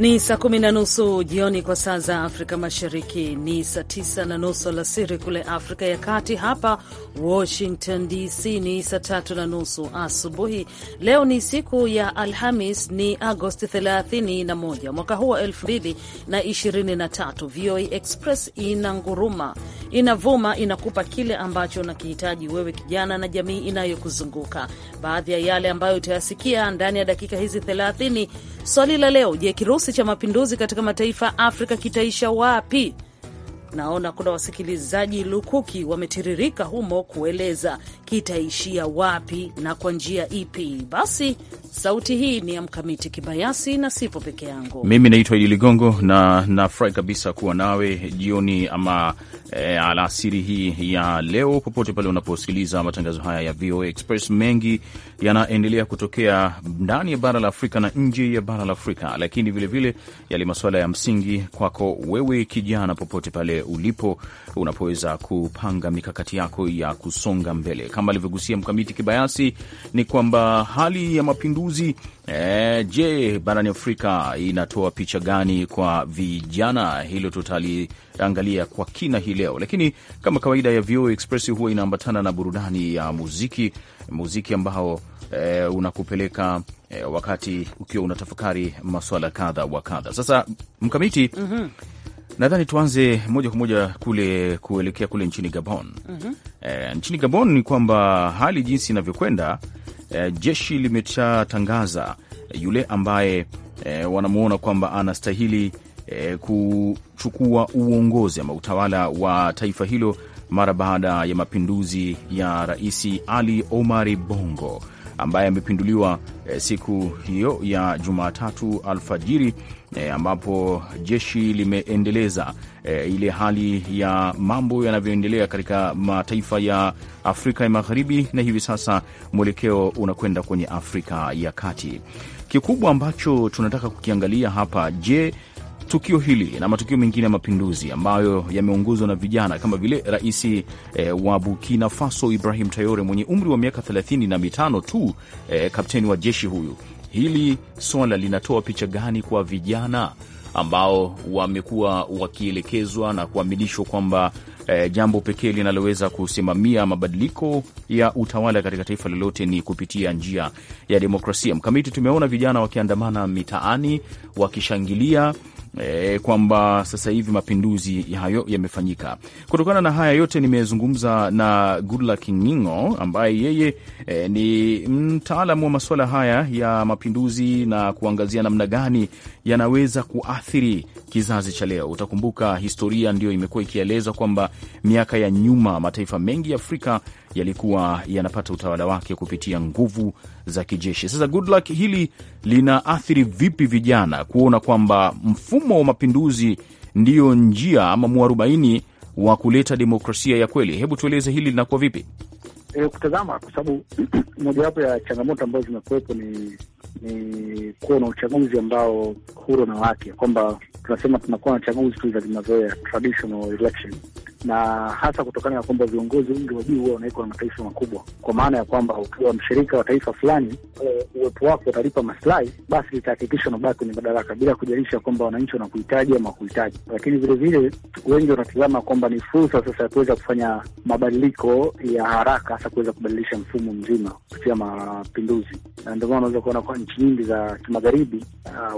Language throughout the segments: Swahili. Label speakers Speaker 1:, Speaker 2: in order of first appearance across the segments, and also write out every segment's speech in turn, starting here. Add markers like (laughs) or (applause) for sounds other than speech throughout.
Speaker 1: Ni saa kumi na nusu jioni kwa saa za Afrika Mashariki, ni saa tisa na nusu alasiri kule Afrika ya Kati. Hapa Washington DC ni saa tatu na nusu asubuhi. Leo ni siku ya Alhamis, ni Agosti 31 mwaka huu wa 2023. VOA Express ina nguruma, inavuma, inakupa kile ambacho unakihitaji wewe, kijana na jamii inayokuzunguka. Baadhi ya yale ambayo utayasikia ndani ya dakika hizi 30 Swali la leo, je, kirusi cha mapinduzi katika mataifa ya Afrika kitaisha wapi? naona kuna wasikilizaji lukuki wametiririka humo kueleza kitaishia wapi na kwa njia ipi. Basi sauti hii ni ya Mkamiti Kibayasi na sipo peke yangu. Mimi
Speaker 2: naitwa Idi Ligongo na nafurahi kabisa kuwa nawe jioni ama e, alasiri hii ya leo, popote pale unaposikiliza matangazo haya ya VOA Express. Mengi yanaendelea kutokea ndani ya bara la Afrika na nje ya bara la Afrika, lakini vilevile yale masuala ya msingi kwako wewe kijana, popote pale ulipo unapoweza kupanga mikakati yako ya kusonga mbele. Kama alivyogusia Mkamiti Kibayasi, ni kwamba hali ya mapinduzi e, je, barani Afrika inatoa picha gani kwa vijana? Hilo tutaliangalia kwa kina hii leo, lakini kama kawaida ya VOA Express huwa inaambatana na burudani ya muziki, muziki ambao e, unakupeleka e, wakati ukiwa unatafakari maswala kadha wa kadha. Sasa Mkamiti, mm -hmm. Nadhani tuanze moja kwa moja kule kuelekea kule nchini Gabon. mm -hmm. E, nchini Gabon ni kwamba hali jinsi inavyokwenda, e, jeshi limeshatangaza yule ambaye e, eh, wanamwona kwamba anastahili e, kuchukua uongozi ama utawala wa taifa hilo mara baada ya mapinduzi ya Rais Ali Omari Bongo ambaye amepinduliwa e, siku hiyo ya Jumatatu alfajiri e, ambapo jeshi limeendeleza e, ile hali ya mambo yanavyoendelea katika mataifa ya Afrika ya Magharibi, na hivi sasa mwelekeo unakwenda kwenye Afrika ya Kati. Kikubwa ambacho tunataka kukiangalia hapa, je, tukio hili na matukio mengine ya mapinduzi ambayo yameongozwa na vijana kama vile rais e, wa Burkina Faso Ibrahim tayore mwenye umri wa miaka thelathini na mitano tu e, kapteni wa jeshi huyu hili swala linatoa picha gani kwa vijana ambao wamekuwa wakielekezwa na kuaminishwa kwamba eh, jambo pekee linaloweza kusimamia mabadiliko ya utawala katika taifa lolote ni kupitia njia ya demokrasia. Mkamiti, tumeona vijana wakiandamana mitaani wakishangilia eh, kwamba sasa hivi mapinduzi hayo yamefanyika. Kutokana na haya yote, nimezungumza na Goodluck Ngingo ambaye yeye eh, ni mtaalamu wa masuala haya ya mapinduzi na kuangazia namna gani yanaweza kuathiri kizazi cha leo. Utakumbuka historia ndio imekuwa ikieleza kwamba miaka ya nyuma mataifa mengi ya Afrika yalikuwa yanapata utawala wake kupitia nguvu za kijeshi. Sasa Goodluck, hili linaathiri vipi vijana kuona kwamba mfumo wa mapinduzi ndiyo njia ama mwarobaini wa kuleta demokrasia ya kweli? Hebu tueleze hili linakuwa vipi?
Speaker 3: E, kutazama kwa sababu (clears throat) mojawapo ya changamoto ambazo zimekuwepo ni ni kuwa na uchaguzi ambao huru na wake, kwamba tunasema tunakuwa na chaguzi tu za kimazoea, traditional election na hasa kutokana na kwamba viongozi wengi wa juu huwa wanawekwa na mataifa makubwa, kwa maana ya kwamba ukiwa mshirika wa taifa fulani, e, uwepo wako utalipa masilahi, basi litahakikisha unabaki kwenye madaraka bila kujalisha kwamba wananchi wanakuhitaji ama wakuhitaji. Lakini vilevile wengi wanatizama kwamba ni fursa sasa ya kuweza kufanya mabadiliko ya haraka, hasa kuweza kubadilisha mfumo mzima kupitia mapinduzi, na ndio maana unaweza kuona kwa nchi nyingi za kimagharibi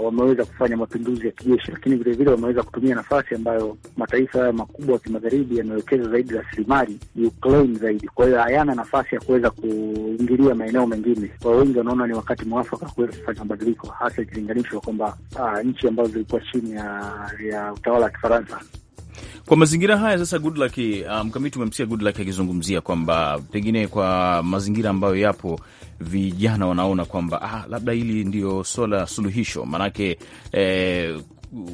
Speaker 3: wameweza kufanya mapinduzi ya kijeshi, lakini vilevile wameweza kutumia nafasi ambayo mataifa haya makubwa ya kimagharibi zaidi yamewekeza zaidi rasilimali Ukraine zaidi, kwa hiyo hayana nafasi ya kuweza kuingilia maeneo mengine. Kwa wengi wanaona ni wakati mwafaka kuweza kufanya mabadiliko, hasa ikilinganishwa kwamba ah, nchi ambazo zilikuwa chini ya, ya utawala wa Kifaransa
Speaker 2: kwa mazingira haya sasa, um, mkamiti, um, umemsikia Goodluck akizungumzia kwamba pengine kwa mazingira ambayo yapo vijana wanaona kwamba ah, labda hili ndio swala suluhisho, maanake eh,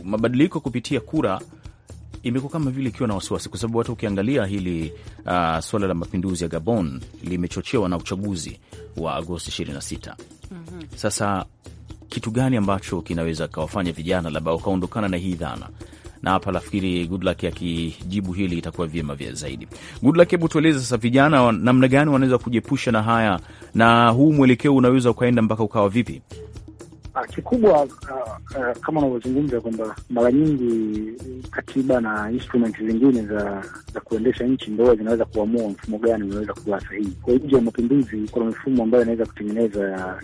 Speaker 2: mabadiliko kupitia kura imekuwa kama vile ikiwa na wasiwasi, kwa sababu hata ukiangalia hili uh, suala la mapinduzi ya Gabon limechochewa na uchaguzi wa Agosti 26. mm -hmm. Sasa kitu gani ambacho kinaweza kawafanya vijana labda wakaondokana na hii dhana na hapa nafikiri Goodluck akijibu hili itakuwa vyema vya zaidi. Goodluck, hebu tueleze sasa, vijana namna gani wanaweza kujiepusha na haya, na huu mwelekeo unaweza ukaenda mpaka ukawa vipi?
Speaker 3: Ah, kikubwa uh, uh, kama unavyozungumza kwamba mara nyingi katiba na nsment zingine za za kuendesha nchi ndo zinaweza kuamua mfumo gani unaweza kuwa sahihi. Kwa nje ya mapinduzi, kuna mifumo ambayo inaweza kutengeneza ya,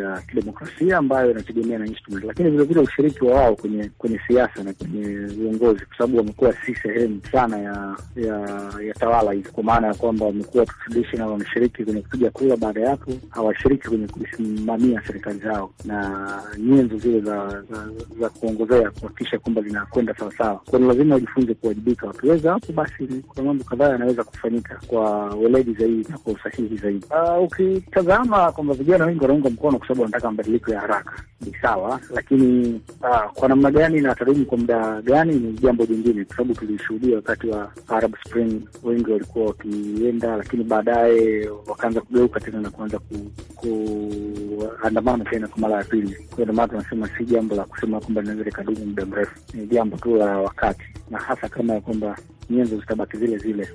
Speaker 3: ya kidemokrasia ambayo inategemea na instrument, lakini vilevile ushiriki wa wao kwenye kwenye siasa na kwenye uongozi, kwa sababu wamekuwa si sehemu sana ya ya, ya tawala hizi, kwa maana ya kwamba wamekuwa traditional kwenye kupiga kura, baada ya hapo hawashiriki kwenye kusimamia serikali zao na nyenzo zile za za, za kuongozea kuhakikisha kwamba linakwenda sawasawa. Kwa hiyo lazima wajifunze kuwajibika. Wakiweza hapo, basi kuna mambo kadhaa yanaweza kufanyika kwa weledi zaidi na kwa usahihi zaidi. Ah, ukitazama uh, kwamba vijana wengi wanaunga mkono kwa sababu wanataka mabadiliko ya haraka, ni sawa, lakini uh, kwa namna gani na tarimu kwa muda gani ni jambo jingine, kwa sababu tulishuhudia wakati wa Arab Spring wengi walikuwa wakienda, lakini baadaye wakaanza kugeuka tena na kuanza kuandamana ku, tena kwa mara ya pili. Kwa ndio maana tunasema si jambo la kusema kwamba linaweza likadumu muda mrefu, ni jambo tu la wakati, na hasa kama ya kwamba nyenzo zitabaki zile zile.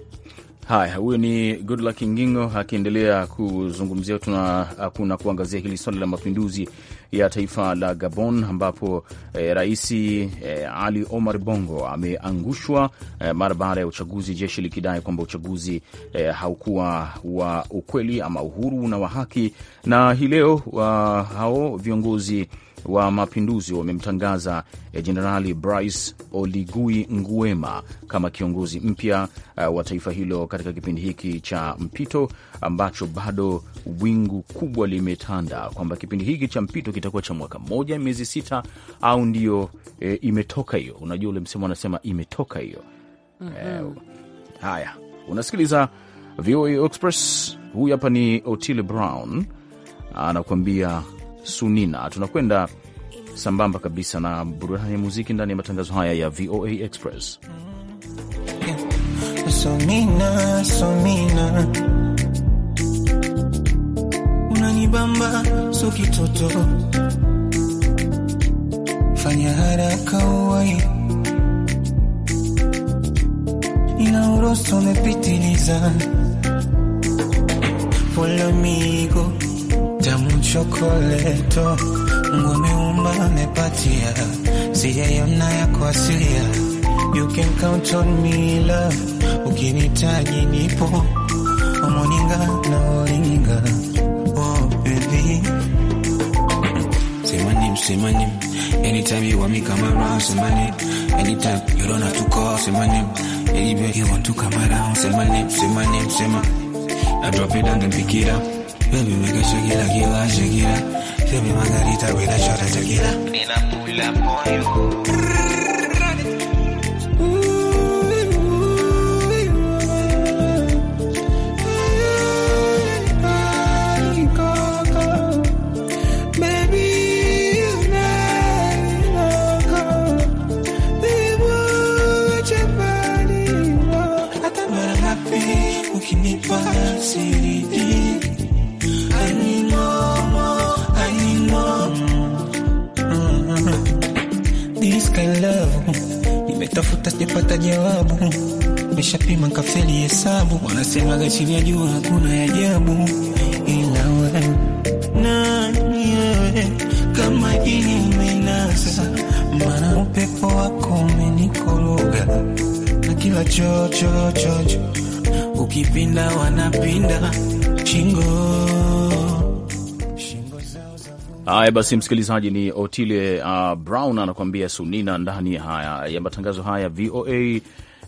Speaker 2: Haya, huyo ni Goodluck Ngingo akiendelea kuzungumzia tuna kuna kuangazia hili swala la mapinduzi ya taifa la Gabon ambapo eh, rais eh, Ali Omar Bongo ameangushwa eh, mara baada ya uchaguzi, jeshi likidai kwamba uchaguzi eh, haukuwa wa ukweli ama uhuru na wa haki. Na hii leo uh, hao viongozi wa Mapinduzi wamemtangaza eh, Jenerali Brice Oligui Nguema kama kiongozi mpya eh, wa taifa hilo katika kipindi hiki cha mpito ambacho bado wingu kubwa limetanda kwamba kipindi hiki cha mpito kitakuwa cha mwaka mmoja miezi sita au ndio e, imetoka hiyo. Unajua ule msemo anasema imetoka hiyo. mm -hmm. E, haya, unasikiliza VOA Express. Huyu hapa ni Otile Brown anakuambia Sunina. Tunakwenda sambamba kabisa na burudani ya muziki ndani ya matangazo haya ya VOA Express.
Speaker 4: Yeah. Sunina, Sunina. Unanibamba so kitoto, fanya haraka uwai, inaoroso umepitiliza, pole amigo na mchokoleto mumeumba amepatia, siyeyona yako You can count on me love, ukinitaji nipo omoninga na olinga. Oh baby, anytime you want me come around anytime you don't have to call anywhere you want to come around I drop it pick it up Baby, make mega aquí que like you margarita with a shot of tequila. And I sivyajua, hakuna ajabu ila wewe nani wewe, kama mana upepo wako umenikoroga na kila chochochocho, ukipinda wanapinda
Speaker 2: Haya basi, msikilizaji, ni Otile uh, Brown anakuambia sunina ndani haya ya matangazo haya VOA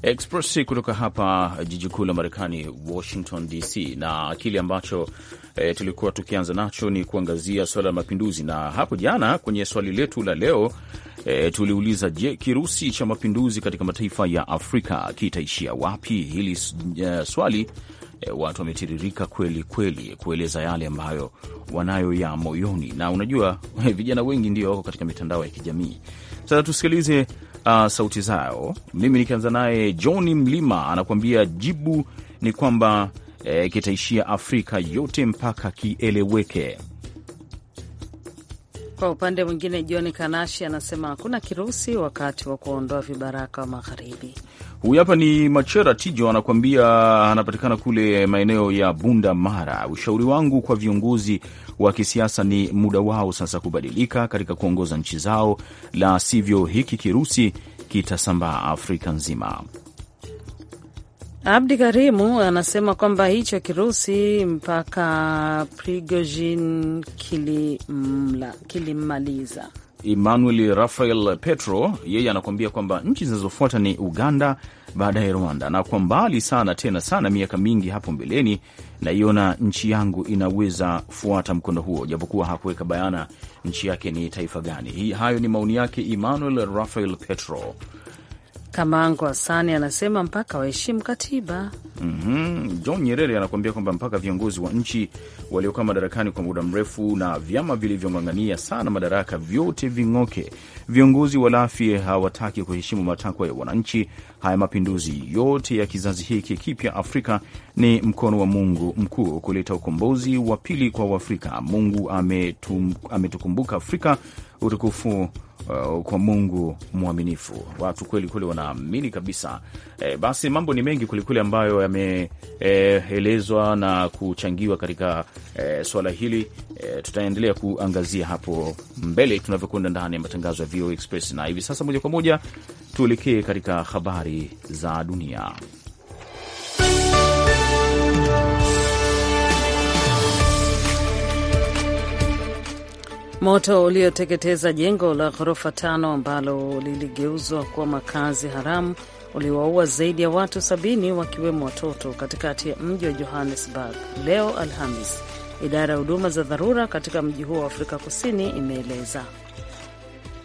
Speaker 2: Express kutoka hapa jiji kuu la Marekani, Washington DC, na kile ambacho e, tulikuwa tukianza nacho ni kuangazia suala la mapinduzi. Na hapo jana kwenye swali letu la leo e, tuliuliza je, kirusi cha mapinduzi katika mataifa ya Afrika kitaishia wapi? Hili e, swali e, watu wametiririka kweli kweli kueleza yale ambayo wanayo ya moyoni, na unajua (laughs) vijana wengi ndio wako katika mitandao ya kijamii. Sasa tusikilize uh, sauti zao. Mimi nikianza naye John Mlima anakuambia jibu ni kwamba eh, kitaishia Afrika yote mpaka kieleweke.
Speaker 1: Kwa upande mwingine, John Kanashi anasema hakuna kirusi wakati wa kuondoa vibaraka wa magharibi.
Speaker 2: Huyu hapa ni Machera Tijo anakuambia, anapatikana kule maeneo ya Bunda Mara. Ushauri wangu kwa viongozi wa kisiasa ni muda wao sasa kubadilika katika kuongoza nchi zao, la sivyo hiki kirusi kitasambaa Afrika
Speaker 1: nzima. Abdi Karimu anasema kwamba hicho kirusi mpaka Prigojin kilimla, kilimmaliza
Speaker 2: Emmanuel Rafael Petro, yeye anakuambia kwamba nchi zinazofuata ni Uganda, baadaye Rwanda, na kwa mbali sana tena sana miaka mingi hapo mbeleni, naiona nchi yangu inaweza fuata mkondo huo, japokuwa hakuweka bayana nchi yake ni taifa gani. Hayo ni maoni yake Emmanuel Rafael Petro.
Speaker 1: Kamango Asani anasema mpaka waheshimu katiba.
Speaker 2: mm -hmm. John Nyerere anakuambia kwamba mpaka viongozi wa nchi waliokaa madarakani kwa muda mrefu na vyama vilivyong'ang'ania sana madaraka vyote ving'oke. Viongozi walafi hawataki kuheshimu matakwa ya wananchi. Haya mapinduzi yote ya kizazi hiki kipya Afrika ni mkono wa Mungu mkuu kuleta ukombozi wa pili kwa Uafrika. Mungu ametukumbuka Afrika utukufu uh, kwa Mungu mwaminifu. Watu kweli kweli wanaamini kabisa. E, basi mambo ni mengi kwelikweli ambayo yameelezwa eh, e, na kuchangiwa katika e, swala hili e, tutaendelea kuangazia hapo mbele tunavyokwenda ndani ya matangazo ya VOA Express, na hivi sasa moja kwa moja tuelekee katika habari
Speaker 1: za dunia. Moto ulioteketeza jengo la ghorofa tano ambalo liligeuzwa kuwa makazi haramu uliwaua zaidi ya watu sabini wakiwemo watoto katikati ya mji wa Johannesburg leo Alhamis, idara ya huduma za dharura katika mji huo wa Afrika Kusini imeeleza.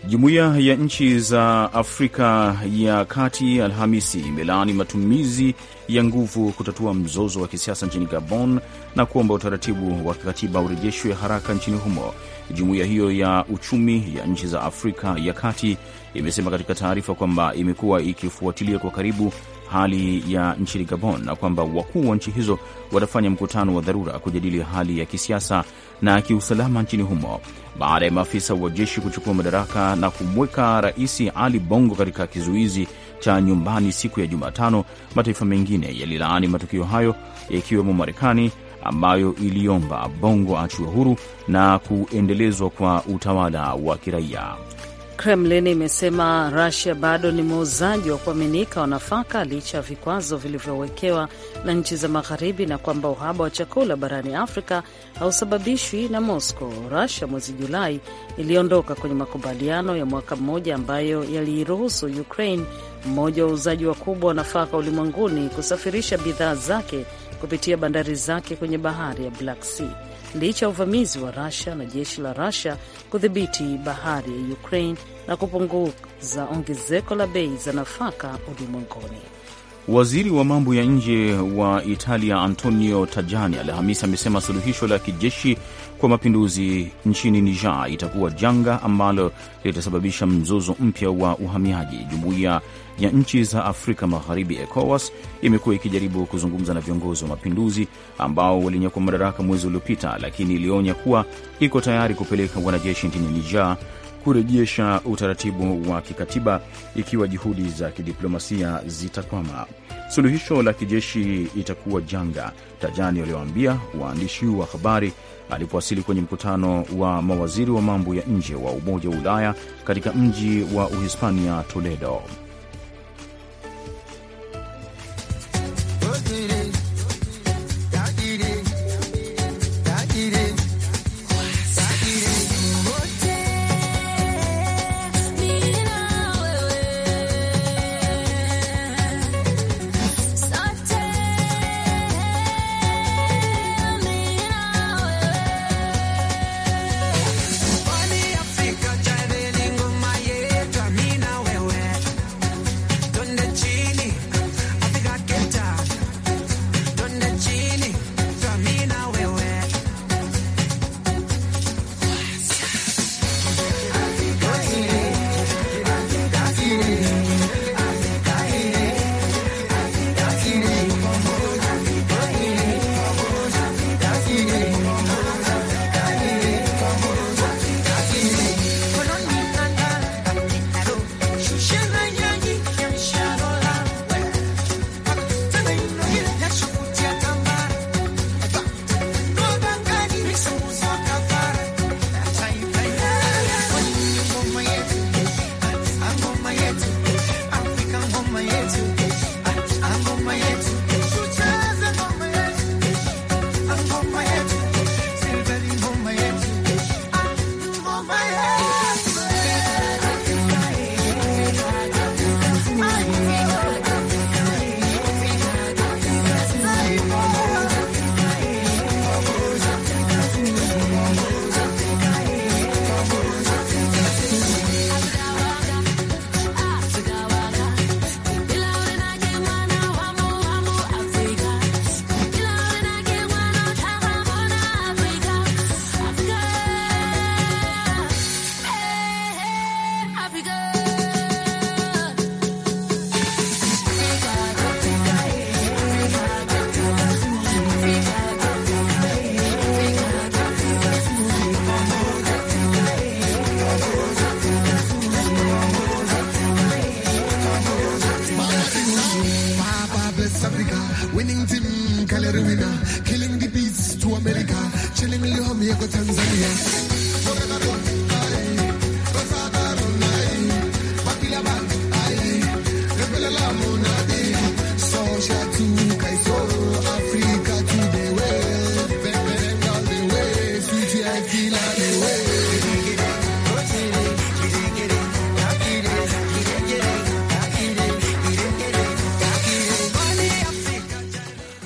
Speaker 2: Jumuiya ya nchi za Afrika ya Kati Alhamisi imelaani matumizi ya nguvu kutatua mzozo wa kisiasa nchini Gabon na kuomba utaratibu wa kikatiba urejeshwe haraka nchini humo. Jumuiya hiyo ya uchumi ya nchi za Afrika ya Kati imesema katika taarifa kwamba imekuwa ikifuatilia kwa karibu hali ya nchini Gabon na kwamba wakuu wa nchi hizo watafanya mkutano wa dharura kujadili hali ya kisiasa na kiusalama nchini humo baada ya maafisa wa jeshi kuchukua madaraka na kumweka Rais Ali Bongo katika kizuizi cha nyumbani siku ya Jumatano. Mataifa mengine yalilaani matukio hayo yakiwemo Marekani ambayo iliomba Bongo achiwe huru na kuendelezwa kwa utawala wa kiraia.
Speaker 1: Kremlin imesema Rusia bado ni muuzaji wa kuaminika wa nafaka licha ya vikwazo vilivyowekewa na nchi za Magharibi, na kwamba uhaba wa chakula barani Afrika hausababishwi na Moscow. Rusia mwezi Julai iliondoka kwenye makubaliano ya mwaka mmoja ambayo yaliiruhusu Ukraine mmoja wa wa wakubwa wa nafaka ulimwenguni, kusafirisha bidhaa zake kupitia bandari zake kwenye bahari ya Black Sea licha ya uvamizi wa rasia na jeshi la rasia kudhibiti bahari ya Ukraine na kupunguza ongezeko la bei za nafaka ulimwenguni.
Speaker 2: Waziri wa mambo ya nje wa Italia Antonio Tajani Alhamisi amesema suluhisho la kijeshi kwa mapinduzi nchini Niger itakuwa janga ambalo litasababisha mzozo mpya wa uhamiaji. Jumuiya ya nchi za Afrika Magharibi, ECOWAS, imekuwa ikijaribu kuzungumza na viongozi wa mapinduzi ambao walinyakua madaraka mwezi uliopita, lakini ilionya kuwa iko tayari kupeleka wanajeshi nchini Niger kurejesha utaratibu wa kikatiba ikiwa juhudi za kidiplomasia zitakwama. Suluhisho la kijeshi itakuwa janga, Tajani walioambia waandishi wa habari alipowasili kwenye mkutano wa mawaziri wa mambo ya nje wa Umoja wa Ulaya katika mji wa Uhispania, Toledo.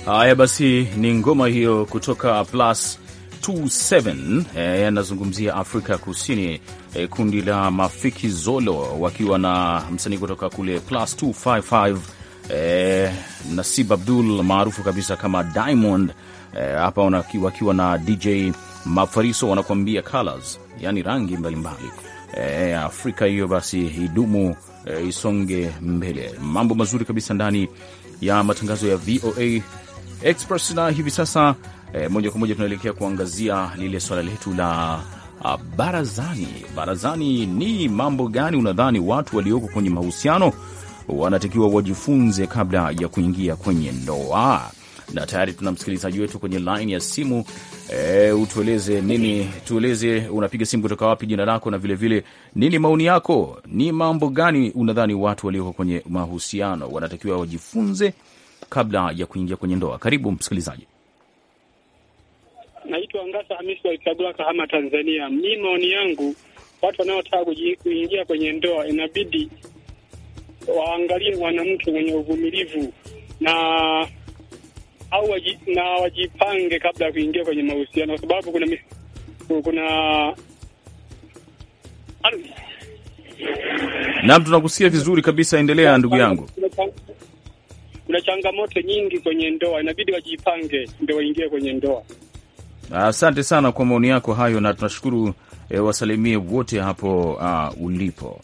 Speaker 2: Haya basi, ni ngoma hiyo kutoka Plus 27 eh, anazungumzia Afrika Kusini eh, kundi la Mafiki Zolo wakiwa na msanii kutoka kule Plus 255 eh, Nasib Abdul maarufu kabisa kama Diamond eh, hapa eh, wakiwa na DJ Mafariso wanakuambia colors, yani rangi mbalimbali mbali. Eh, Afrika hiyo basi idumu eh, isonge mbele. Mambo mazuri kabisa ndani ya matangazo ya VOA Express, na hivi sasa e, moja kwa moja tunaelekea kuangazia lile swala letu la a, ah, barazani. Barazani ni mambo gani unadhani watu walioko kwenye mahusiano wanatakiwa wajifunze kabla ya kuingia kwenye ndoa? Na tayari tuna msikilizaji wetu kwenye laini ya simu. E, utueleze nini, tueleze unapiga simu kutoka wapi, jina lako na vilevile vile, nini maoni yako, ni mambo gani unadhani watu walioko kwenye mahusiano wanatakiwa wajifunze kabla ya kuingia kwenye ndoa. Karibu msikilizaji.
Speaker 3: Naitwa Ngasa Hamisi Waichagua, Kahama, Tanzania. Mi maoni yangu, watu wanaotaka kuingia kwenye ndoa inabidi waangalie mwanamke mwenye uvumilivu na au waji, na wajipange kabla ya kuingia kwenye mahusiano, kwa sababu kuna kuna naam,
Speaker 2: tunakusikia vizuri kabisa, endelea ndugu yangu
Speaker 3: kuna changamoto nyingi kwenye ndoa, inabidi wajipange ndio waingie kwenye ndoa.
Speaker 2: Asante sana kwa maoni yako hayo, na tunashukuru e, wasalimie wote hapo uh, ulipo.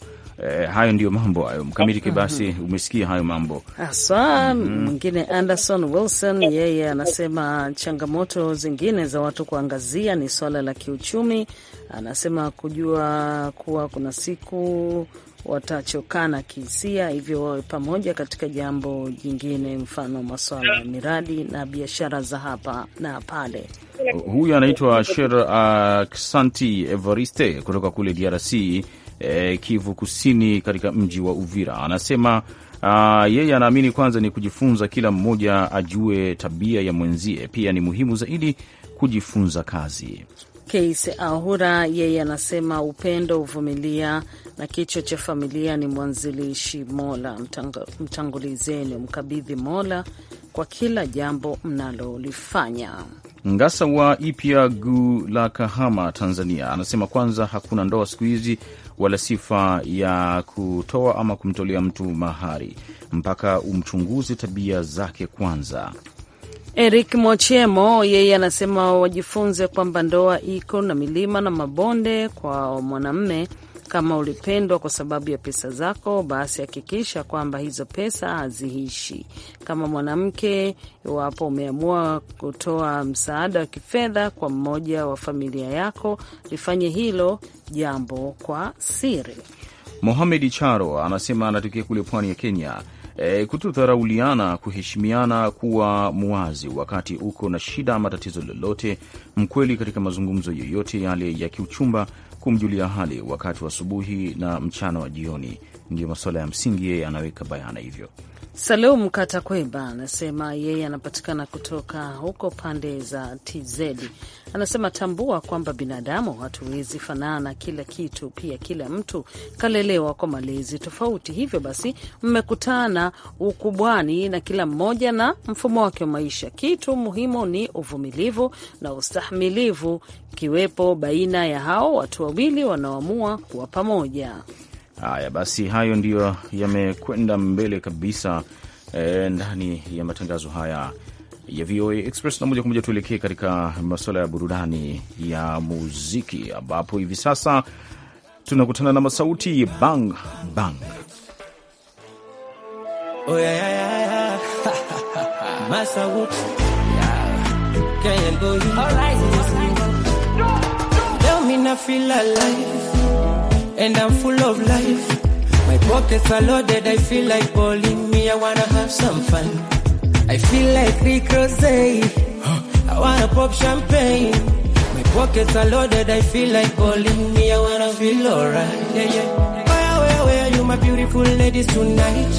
Speaker 2: Eh, hayo ndio mambo hayo, mkamiti mm-hmm. kibasi. Umesikia hayo mambo
Speaker 1: haswa. Mm-hmm. Mwingine mm -hmm. Anderson Wilson yeye anasema changamoto zingine za watu kuangazia ni swala la kiuchumi. Anasema kujua kuwa kuna siku watachokana kihisia, hivyo wawe pamoja katika jambo jingine, mfano maswala ya miradi na biashara za hapa na pale. Huyu
Speaker 2: anaitwa Sher Aksanti Evariste kutoka kule DRC e, Kivu Kusini, katika mji wa Uvira. Anasema Uh, yeye anaamini kwanza ni kujifunza, kila mmoja ajue tabia ya mwenzie, pia ni muhimu zaidi kujifunza kazi.
Speaker 1: Case Ahura yeye anasema upendo, uvumilia na kichwa cha familia ni mwanzilishi. Mola mtangulizeni, mkabidhi Mola kwa kila jambo mnalolifanya.
Speaker 2: Ngasa wa Ipya Gu la Kahama, Tanzania, anasema kwanza, hakuna ndoa siku hizi wala sifa ya kutoa ama kumtolea mtu mahari mpaka umchunguze tabia zake kwanza.
Speaker 1: Eric Mochemo yeye anasema wajifunze kwamba ndoa iko na milima na mabonde kwa mwanamme kama ulipendwa kwa sababu ya pesa zako, basi hakikisha kwamba hizo pesa haziishi. Kama mwanamke, iwapo umeamua kutoa msaada wa kifedha kwa mmoja wa familia yako, lifanye hilo jambo kwa siri.
Speaker 2: Mohamed Charo anasema anatokea kule pwani ya Kenya. E, kutodharauliana, kuheshimiana, kuwa muwazi wakati uko na shida ama tatizo lolote, mkweli katika mazungumzo yoyote yale ya kiuchumba, kumjulia hali wakati wa asubuhi na mchana wa jioni ndio masuala ya msingi, yeye anaweka bayana hivyo.
Speaker 1: Salum Katakweba anasema yeye anapatikana kutoka huko pande za TZ. Anasema tambua kwamba binadamu hatuwezi fanana kila kitu, pia kila mtu kalelewa kwa malezi tofauti. Hivyo basi, mmekutana ukubwani na kila mmoja na mfumo wake wa maisha. Kitu muhimu ni uvumilivu na ustahimilivu, kiwepo baina ya hao watu wawili wanaoamua kuwa pamoja.
Speaker 2: Haya basi, hayo ndiyo yamekwenda mbele kabisa e, ndani ya matangazo haya ya VOA Express, na moja kwa moja tuelekee katika masuala ya burudani ya muziki, ambapo hivi sasa tunakutana na masauti bang bang. Oh, yeah,
Speaker 5: yeah, yeah. (laughs) Masauti yeah. and I'm full of life. My pockets are loaded, I feel like balling me, I wanna have some fun. I feel like Rick Rose, (gasps) I wanna pop champagne. My pockets are loaded, I feel like balling me, I wanna feel alright. Yeah, yeah. Where, where, where are you, my beautiful ladies tonight?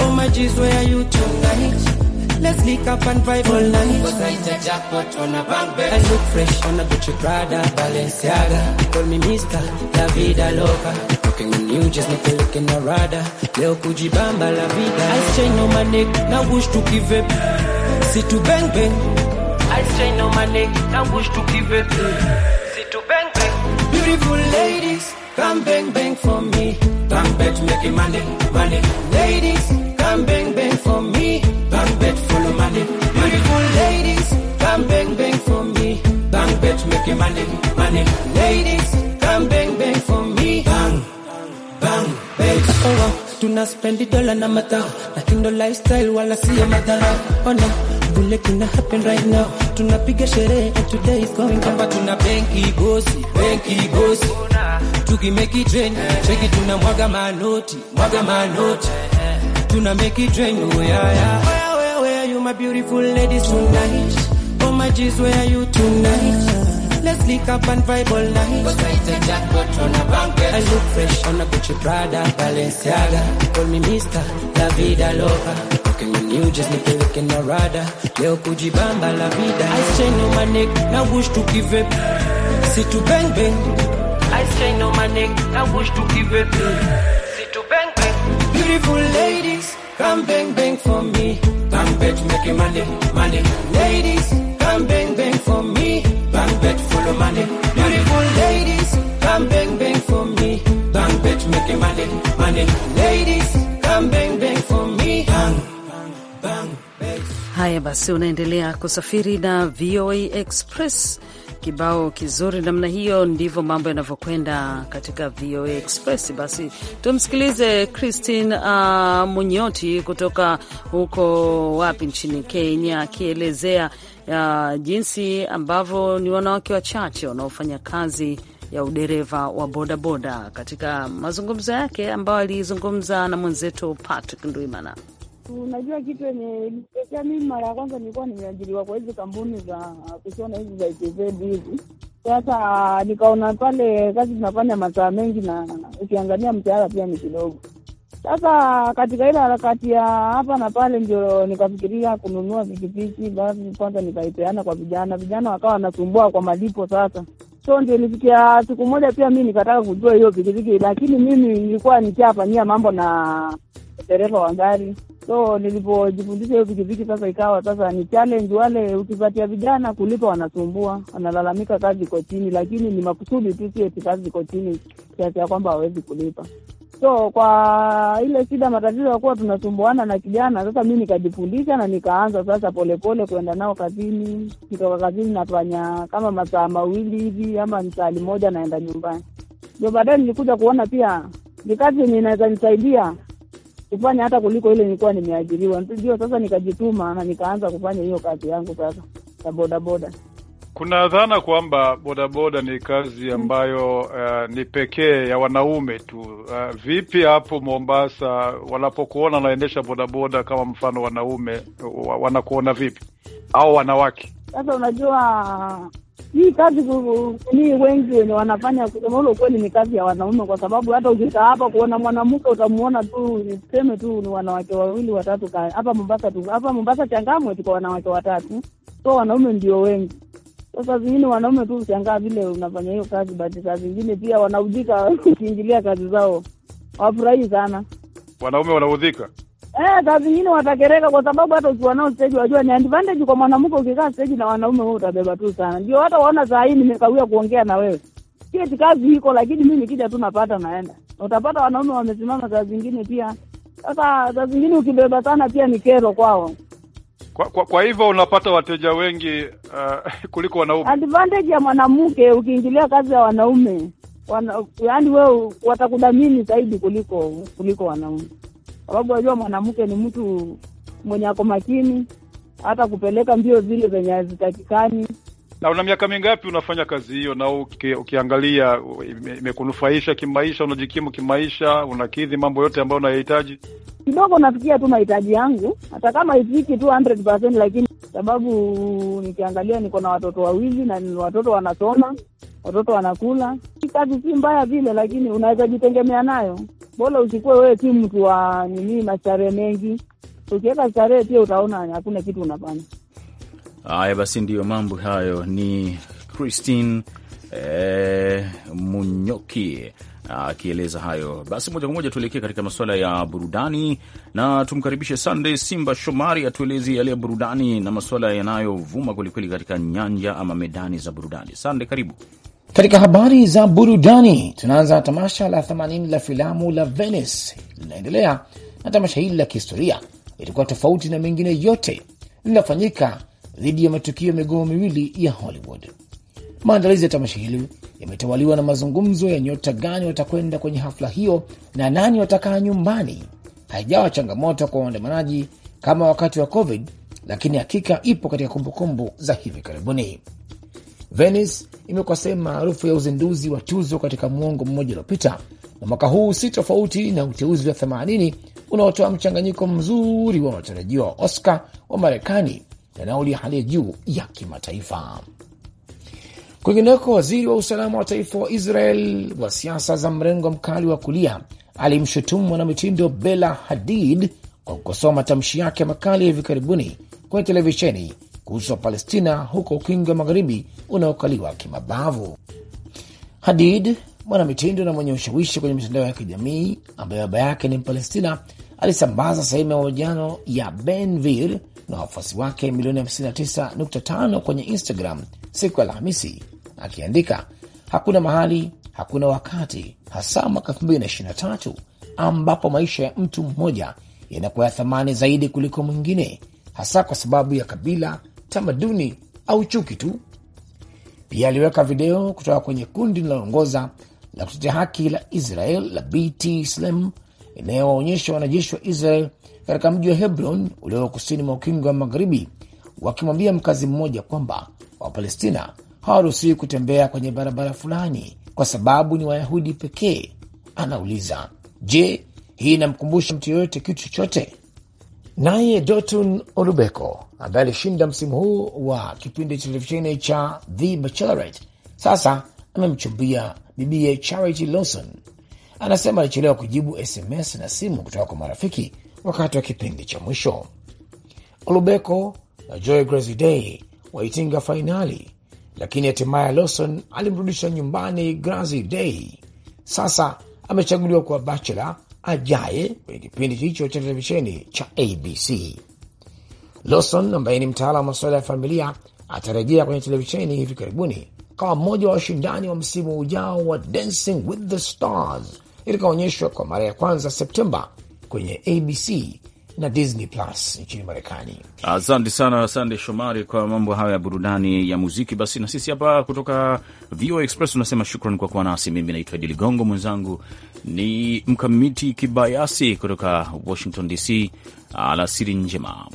Speaker 5: Oh my G's, where are you tonight? Let's link up and vibe all night. Cause I hit a jackpot on a bank bed. I look fresh on a Gucci Prada, Balenciaga. They Call me Mr. La Vida Loca. Looking on you, just like looking narada. Leo kujibamba la vida. I strain on my neck, now wish to give it. See to bang bang. I strain on my neck, now wish to give it. See to bang bang. Beautiful ladies, come bang bang for me. Come back to making money, money. Ladies, come bang bang for me. bed full of money. Beautiful ladies, come bang bang for me. Bang bed make you money, money. Ladies, come bang bang for me. Bang, bang, bang. Oh, wow. Tuna spendi dola na matao na kindo lifestyle while I see a madharau. Oh no, bule kina happen right now. pick a share and today is going down. Hapa tuna benki bosi, benki bosi. Tuki make it rain, cheki tuna mwaga manoti, mwaga manoti. Tuna make it rain, oh yeah yeah. my beautiful ladies tonight. Oh my G's, where are you tonight? Let's link up and vibe all night. on a banquet. I look fresh on a Gucci Prada, Balenciaga. Call me Mister, La Vida Loca. Looking me new, just looking na rada. Leo kujibamba la vida. I chain on my neck, now wish to give up. See to bang bang. I chain on my neck, now wish to give up. See to bang bang. Beautiful lady. come bang bang for me. Bang bet, make money, money. Ladies, come bang bang for me. Bang bet, full of money. Beautiful ladies, come bang bang for me. Bang bet, make money, money. Ladies, come bang bang for me. Bang,
Speaker 1: bang, bang. Haya basi, unaendelea kusafiri na VOA Express kibao kizuri namna hiyo. Ndivyo mambo yanavyokwenda katika VOA Express. Basi tumsikilize Christine uh, Munyoti kutoka huko wapi nchini Kenya akielezea uh, jinsi ambavyo ni wanawake wachache wanaofanya kazi ya udereva wa bodaboda katika mazungumzo yake ambayo alizungumza na mwenzetu Patrick Ndwimana.
Speaker 6: Unajua kitu yenye ilitokea, mimi mara ya kwanza nilikuwa nimeajiriwa kwa hizi kampuni za kushona hizi za ITZ hizi. Sasa nikaona pale kazi zinafanya masaa mengi, na ukiangalia mshahara pia ni kidogo. Sasa katika ile harakati ya hapa na pale, ndio nikafikiria kununua pikipiki. Basi kwanza nikaipeana kwa vijana, vijana wakawa wanasumbua kwa malipo sasa So ndio ilifikia siku moja pia mi nikataka kujua hiyo pikipiki, lakini mimi nilikuwa nishafanyia mambo na dereva wa gari. So nilipojifundisha hiyo pikipiki sasa, ikawa sasa ni challenge. Wale ukipatia vijana kulipa, wanasumbua, wanalalamika kazi iko chini, lakini ni makusudi tu, si eti kazi iko chini kiasi ya kwamba hawezi kulipa. So kwa ile shida, matatizo ya kuwa tunasumbuana na kijana, sasa mi nikajifundisha na nikaanza sasa polepole kuenda nao kazini. Kitoka kazini nafanya kama masaa mawili hivi ama msaali moja, naenda nyumbani. Ndio baadaye nilikuja kuona pia ni kazi yenye inaweza nisaidia kufanya hata kuliko ile nilikuwa nimeajiriwa. Ndio sasa nikajituma na nikaanza kufanya hiyo kazi yangu sasa ya bodaboda.
Speaker 2: Kuna dhana kwamba bodaboda ni kazi mm. ambayo uh, ni pekee ya wanaume tu. Uh, vipi hapo Mombasa wanapokuona wanaendesha bodaboda kama mfano wanaume wanakuona vipi, au wanawake?
Speaker 6: Sasa unajua hii kazi ni wengi wenye wanafanya, kusema ule ukweli, ni kazi ya wanaume, kwa sababu hata ukikaa hapa kuona mwanamke utamuona tu, niseme tu ni wanawake wawili watatu hapa Mombasa tu. Hapa Mombasa Changamwe tuko wanawake watatu, so wanaume ndio wengi. Sasa zingine wanaume tu ushangaa vile unafanya hiyo kazi, but saa zingine pia wanaudhika (laughs) ukiingilia kazi zao, wafurahi sana.
Speaker 2: Wanaume wanaudhika
Speaker 6: eh, saa zingine watakereka, kwa sababu hata ukiwa nao stage wajua ni advantage kwa mwanamke. Ukikaa stage na wanaume wewe utabeba tu sana, ndio hata waona saa hii nimekawia kuongea na wewe kiti, kazi iko lakini mi nikija tu napata naenda. Utapata wanaume wamesimama saa zingine pia. Sasa saa zingine ukibeba sana pia ni kero kwao.
Speaker 2: Kwa, kwa, kwa hivyo unapata wateja wengi uh, (laughs) kuliko wanaume.
Speaker 6: Advantage ya mwanamke ukiingilia kazi ya wanaume wana, yaani wewe watakudhamini zaidi kuliko kuliko wanaume, sababu wajua mwanamke ni mtu mwenye ako makini, hata kupeleka mbio zile zenye hazitakikani.
Speaker 2: Na una miaka mingapi unafanya kazi hiyo? Na uki, ukiangalia imekunufaisha kimaisha, unajikimu kimaisha, unakidhi mambo yote ambayo unayahitaji?
Speaker 6: kidogo nafikia tu mahitaji yangu, hata kama ifiki tu 100% lakini sababu nikiangalia niko na watoto wawili na watoto wanasoma, watoto wanakula. Kazi si mbaya vile, lakini unaweza jitegemea nayo. Bora usikuwe wewe si mtu wa nini, mastarehe mengi. Ukiweka starehe pia utaona hakuna kitu unafanya.
Speaker 2: Haya basi, ndiyo mambo hayo. Ni Christine eh, Munyoki akieleza hayo. Basi moja kwa moja tuelekee katika masuala ya burudani na tumkaribishe Sunday Simba Shomari atueleze yale ya burudani na masuala yanayovuma kwelikweli katika nyanja ama medani za burudani. Sunday, karibu.
Speaker 7: Katika habari za burudani, tunaanza tamasha la 80 la filamu la Venice linaendelea, na tamasha hili la kihistoria litakuwa tofauti na mengine yote, linafanyika dhidi ya matukio ya migomo miwili ya Hollywood. Maandalizi ya tamasha hili yametawaliwa na mazungumzo ya nyota gani watakwenda kwenye hafla hiyo na nani watakaa nyumbani. Haijawa changamoto kwa waandamanaji kama wakati wa COVID, lakini hakika ipo katika kumbukumbu za hivi karibuni. Venice imekuwa sehemu maarufu ya uzinduzi wa tuzo katika mwongo mmoja uliopita, na mwaka huu si tofauti na uteuzi wa 80 unaotoa mchanganyiko mzuri wa matarajio wa Oscar wa Marekani na nauli ya hali ya juu ya kimataifa. Kwingineko, waziri wa usalama wa taifa wa Israel wa siasa za mrengo mkali wa kulia alimshutumu mwanamitindo bela Hadid kwa kukosoa matamshi yake makali ya hivi karibuni kwenye televisheni kuhusu Wapalestina huko ukingo wa magharibi unaokaliwa kimabavu. Hadid, mwanamitindo na mwenye ushawishi kwenye mitandao ya kijamii, ambaye baba yake ni Mpalestina, alisambaza sehemu ya mahojiano ya Ben na wafuasi wake milioni 59.5 kwenye Instagram siku ya Alhamisi, akiandika hakuna mahali, hakuna wakati, hasa mwaka 2023 ambapo maisha ya mtu mmoja yanakuwa ya thamani zaidi kuliko mwingine, hasa kwa sababu ya kabila, tamaduni au chuki tu. Pia aliweka video kutoka kwenye kundi linaloongoza la kutetea haki la Israel la BT Slem inayowaonyesha wanajeshi wa Israel katika mji wa Hebron ulio kusini mwa ukingo wa Magharibi, wakimwambia mkazi mmoja kwamba Wapalestina hawaruhusiwi kutembea kwenye barabara fulani kwa sababu ni Wayahudi pekee. Anauliza, je, hii inamkumbusha mtu yoyote kitu chochote? Naye Dotun Olubeko ambaye alishinda msimu huu wa kipindi cha televisheni cha The Bachelorette sasa amemchumbia bibie Charity Lawson Anasema alichelewa kujibu SMS na simu kutoka kwa marafiki wakati wa kipindi cha mwisho. Olubeko na Joy day waitinga fainali, lakini hatimaye Lawson alimrudisha nyumbani day Sasa amechaguliwa kuwa bachela ajaye kwenye kipindi hicho cha televisheni cha ABC. Lawson ambaye ni mtaalam wa masuala ya familia atarejea kwenye televisheni hivi karibuni kama mmoja wa washindani wa msimu ujao wa Dancing with the Stars ilikaonyeshwa kwa mara ya kwanza Septemba kwenye ABC na Disney Plus nchini Marekani.
Speaker 2: Asante sana, sande Shomari, kwa mambo hayo ya burudani ya muziki. Basi na sisi hapa kutoka VOA Express unasema shukran kwa kuwa nasi. Mimi naitwa Idi Ligongo, mwenzangu ni Mkamiti Kibayasi kutoka Washington DC. Alasiri njema.